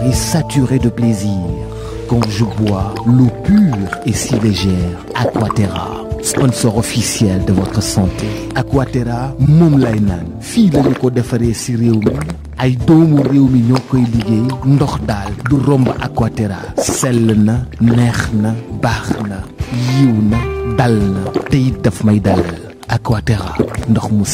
pur et saturé de plaisir quand je bois l'eau pure et si légère Aquaterra sponsor officiel de votre santé Aquaterra moom lay naan ko defaree ci réew mi ay doomu réew mi koy liggéey ndox daal du romb Aquaterra sell na neex na baax yiw na dal na te it daf may dalal Aquaterra ndox mu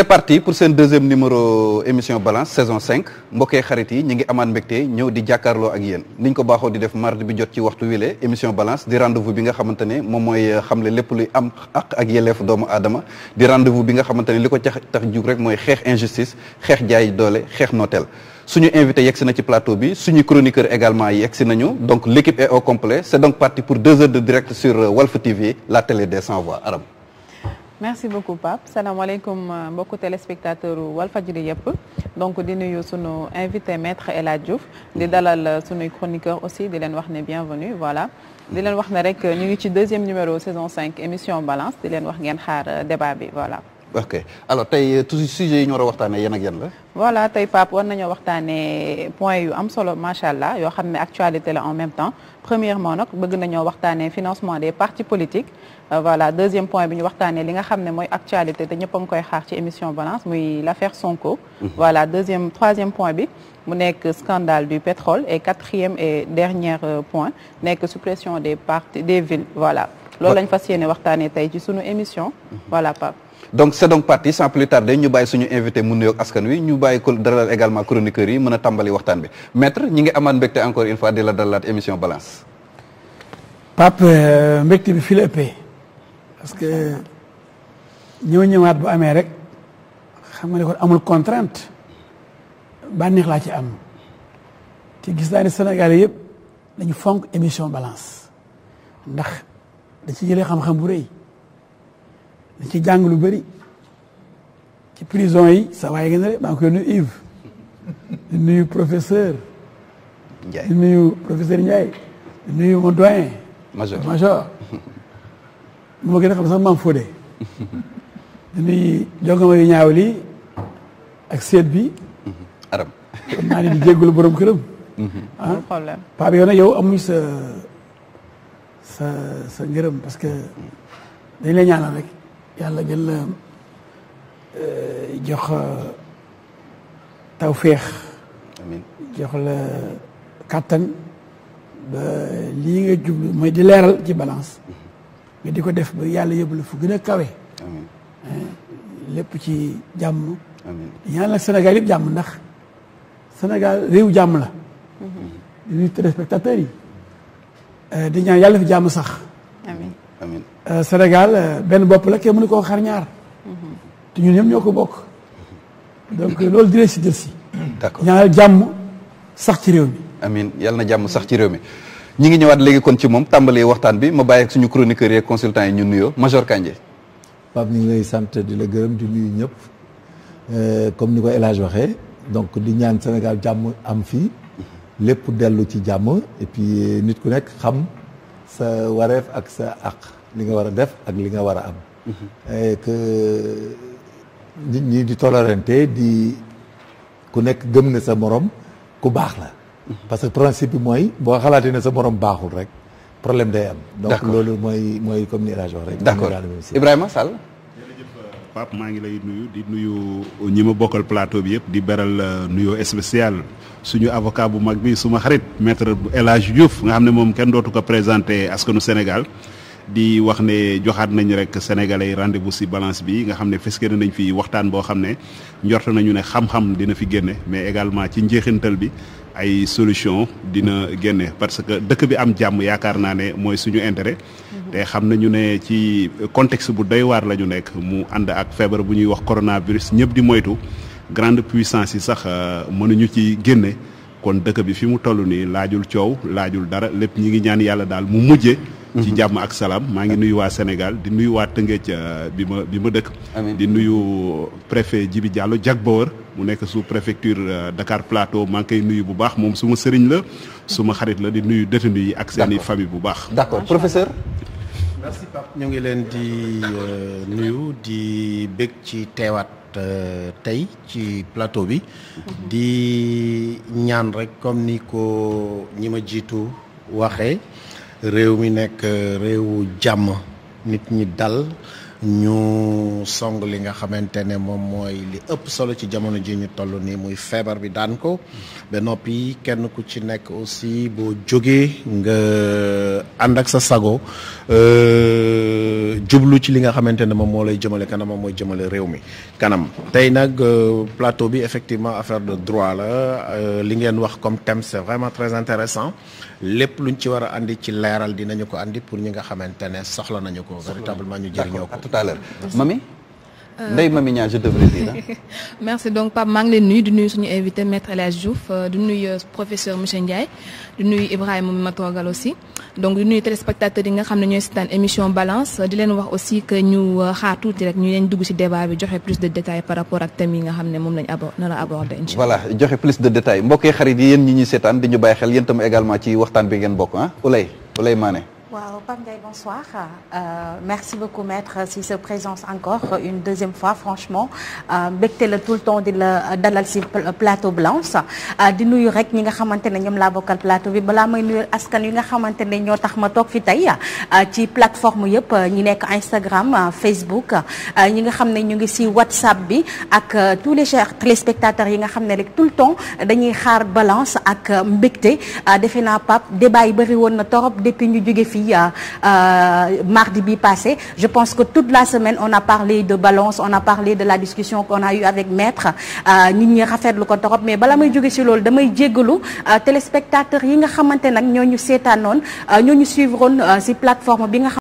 c'est parti pour seen deuxième numéro émission balance saison 5 mbokkee xarit yi ñu ngi amaat mbégte ñëw di jàkkaarloo ak yéen niñ ko baaxoo di def mardi bi jot ci waxtu wile émission balance di rendez bi nga xamante ne moom mooy euh, le lépp luy am ak ak yelleef doomu aadama di rendez bi nga xamante ne li ko tax tax jug rek mooy xeex injustice xeex jaay doole xeex nooteel suñu invité yegsi na ci plateau bi suñu chroniqueur également yegsi nañu donc l'équipe est au complet parti pour deux heures de direct sur euh, Walf des sans voix merci beaucoup Pape salaamaaleykum euh, mbokku téléspectateur Walfadjri yëpp donc di nuyu sunu invité maître El Hadj Diouf di dalal euh, sunuy chroniqueur aussi di leen wax ne bienvenue voilà di leen wax ne rek euh, ñu ngi ci deuxième numéro saison 5 émission balance di leen wax ngeen xaar débat bi voilà ok alors tey euh, tout sujet yi ñu war a waxtaanee yan la. voilà tey Pape war nañoo waxtaanee point yu am solo macha allah yoo xam ne actualité la en même temps premièrement nag bëgg nañoo waxtaanee financement des partis politiques. Euh, voilà deuxième point bi ñu waxtaanee li nga xam ne mooy actualité te ñëpp a ngi koy xaar ci émission balance muy la l'affaire Sonko. Mhm. voilà deuxième troisième point bi mu nekk scandale du pétrole et quatrième et dernier euh, point nekk suppression des partis des villes voilà. loolu lañ fas yéene waxtaanee tey ci sunu émission. Mhm. voilà Pape. donc c'est donc parti sans plus tarder ñu bàyyi suñu invité mu nuyoog askan wi ñu bàyyi ko dalal également chroniqueurs yi mën a tàmbali waxtaan bi maître ñi ngi amaat mbégte encore une fois di la dalalaat émission balance. Pape euh, mbégte bi fi la parce que ñëw ñëwaat bu amee rek xam nga ne ko amul contrainte bànneex laa ci am te gis naa ne Sénégal yëpp dañu fonk émission balance ndax da ci jëlee xam-xam bu rëy. da ci jàng lu bëri ci prison yi sa waay gën a maa ngi koy nuyu Yves nuyu professeur Ndiaye nuyu professeur Ndiaye di nuyu mon doyen major major bu ma gën xam sax maam Fodé di nuyu jongama yu ñaaw lii ak seet bi mhm. aram xam naa ne borom këram mhm. ah problème paa bi yow amuñ sa sa sa ngërëm parce que mhm. dañ lay ñaanal yàlla gën la jox tawféex amiin jox la kàttan ba lii nga jublu mooy di leeral ci balance mm-hmm. nga di ko def ba yàlla yóbbu la fu gën a kawe eh, lépp ci jàmm ñaan nag Sénégal yëpp jàmm ndax Sénégal réew jàmm la di mm-hmm. nuyu téléspectateurs yi eh, di yàlla fi jàmm sax Euh, Sénégal euh, benn bopp la kenn mënu koo xar ñaar te ñun ñëpp ñoo ko bokk donc euh, loolu dinañ si jël si. d'accord jàmm sax ci réew mi. amiin yal na jàmm sax ci réew mi ñu ngi ñëwaat léegi kon ci moom tàmbalee waxtaan bi ma bàyyi suñu chroniqueurs yeeg consultants yi ñu nuyoo Major Kandji. Pape ñu ngi lay sant di la gërëm di nuyu ñëpp comme ni ko El waxee donc di ñaan Sénégal jàmm am fii mm-hmm. lépp dellu ci jàmm et puis nit ku nekk xam. sa wareef ak sa àq li nga war a def ak li nga war a am mm-hmm. que nit ñi di tolérante di ku nekk gëm na sa morom ku baax la mm-hmm. parce que principe bi mooy boo xalaatee ne sa morom baaxul rek problème day am donc loolu mooy mooy comme ni El Hadj wax rek d'accord Ibrahima Sall Pape maa ngi lay nuyu di nuyu ñi ma bokkal plateau bi yëpp di beral euh, nuyoo spécial suñu avocat bu mag bi suma xarit maître El Hadj Diouf nga xam ne moom kenn dootu ko présenté askanu Sénégal. di wax ne joxaat nañ rek sénégalais rendez-vous si balance bi nga xam ne feskere nañ fi waxtaan boo xam ne njort nañu ne xam-xam dina fi génne mais également ci njeexintal bi ay solution dina génne parce que dëkk bi am jàmm yaakaar naa ne mooy suñu intérêt. Mhm. te xam nañu ne ci contexte bu doy waar la ñu nekk mu ànd ak feebar bu ñuy wax coronavirus ñëpp di moytu grande puissance yi sax euh, mënuñu ci génne kon dëkk bi fi mu toll nii laajul coow laajul dara lépp ñi ngi ñaan yàlla daal mu mujjee. ci jàmm ak salaam maa ngi nuyu waa Sénégal di nuyu waa Tëngéej euh, bi ma bi ma dëkk di nuyu préfet Djibi Diallo Jack Bauer mu nekk su préfecture euh, Dakar Plateau maa ngi koy nuyu bu baax moom suma sëriñ la suma xarit la di nuyu détenu yi ak seeni famille bu baax d'accord professeur merci Pape ñu ngi leen di euh, nuyu di bég ci teewaat tey ci plateau bi di ñaan rek comme ni ko ñi ma jiitu waxee réew mi nekk euh, réewu jàmm nit ñi dal ñu song li nga xamante ne moom mooy li ëpp solo ci jamono ji ñu toll nii muy feebar bi daan ko ba noppi kenn ku ci nekk aussi boo jógee nga euh, ànd ak sa sago euh, jublu ci li nga xamante ne moom moo lay jëmale kanam moom mooy jëmale réew mi kanam. tey nag plateau bi effectivement affaire de droit la li ngeen wax comme thème c'est vraiment très intéressant lépp lu luñ ci war a andi ci leeral dinañu ko indi pour ñi nga xamante ne soxla nañu ko véritablement ñu jëriñoo ko à tout à l'heure Euh, Ndeye Mamy Niang je devrais dire merci donc Pape maa ngi leen nuyu di nuyu suñu invité maître El Hadj Diouf euh, di nuyu euh, professeur monsieur Ndiaye di nuyu Ibrahima mi ma toogal aussi donc di nuyu téléspectateurs yi nga xam ne ñooy seetaan émission balance di leen wax aussi que ñu xaar tuuti rek ñu leen dugg ci débat bi joxe plus de détails par rapport ak thème nga xam ne moom lañ abor nar a aborder voilà joxe plus de détails mbokk xarit yi yéen ñi ñuy seetaan di ñu bàyyi xel yéen tam également ci waxtaan bi ngeen bokk ah waaw Pape Ndiaye bonsoir euh, merci beaucoup maître si sa présence encore une deuxième fois franchement euh, mbégte la tout le temps di la euh, dalal si plateau blanche di nuyu rek ñi nga xamante ne ñoom la bokkal plateau bi balaa may nuyu askan yi nga xamante ne ñoo tax ma toog fi tey ci plateforme yëpp ñi nekk Instagram Facebook ñi nga xam ne ñu ngi si WhatsApp bi ak tous les chers téléspectateurs yi nga xam ne rek tout le temps dañuy xaar balance ak mbégte defe naa Pape débat yi bëri fille euh, euh, mardi bi passé je pense que toute la semaine on a parlé de balance on a parlé de la discussion qu'on a eu avec maître euh, nit ñi rafetlu ko torop mais bala may jóge ci loolu damay jéggalu téléspectateurs yi nga xamante nag ñoo ñu seetaanoon ñoo ñu suivroon ci plateforme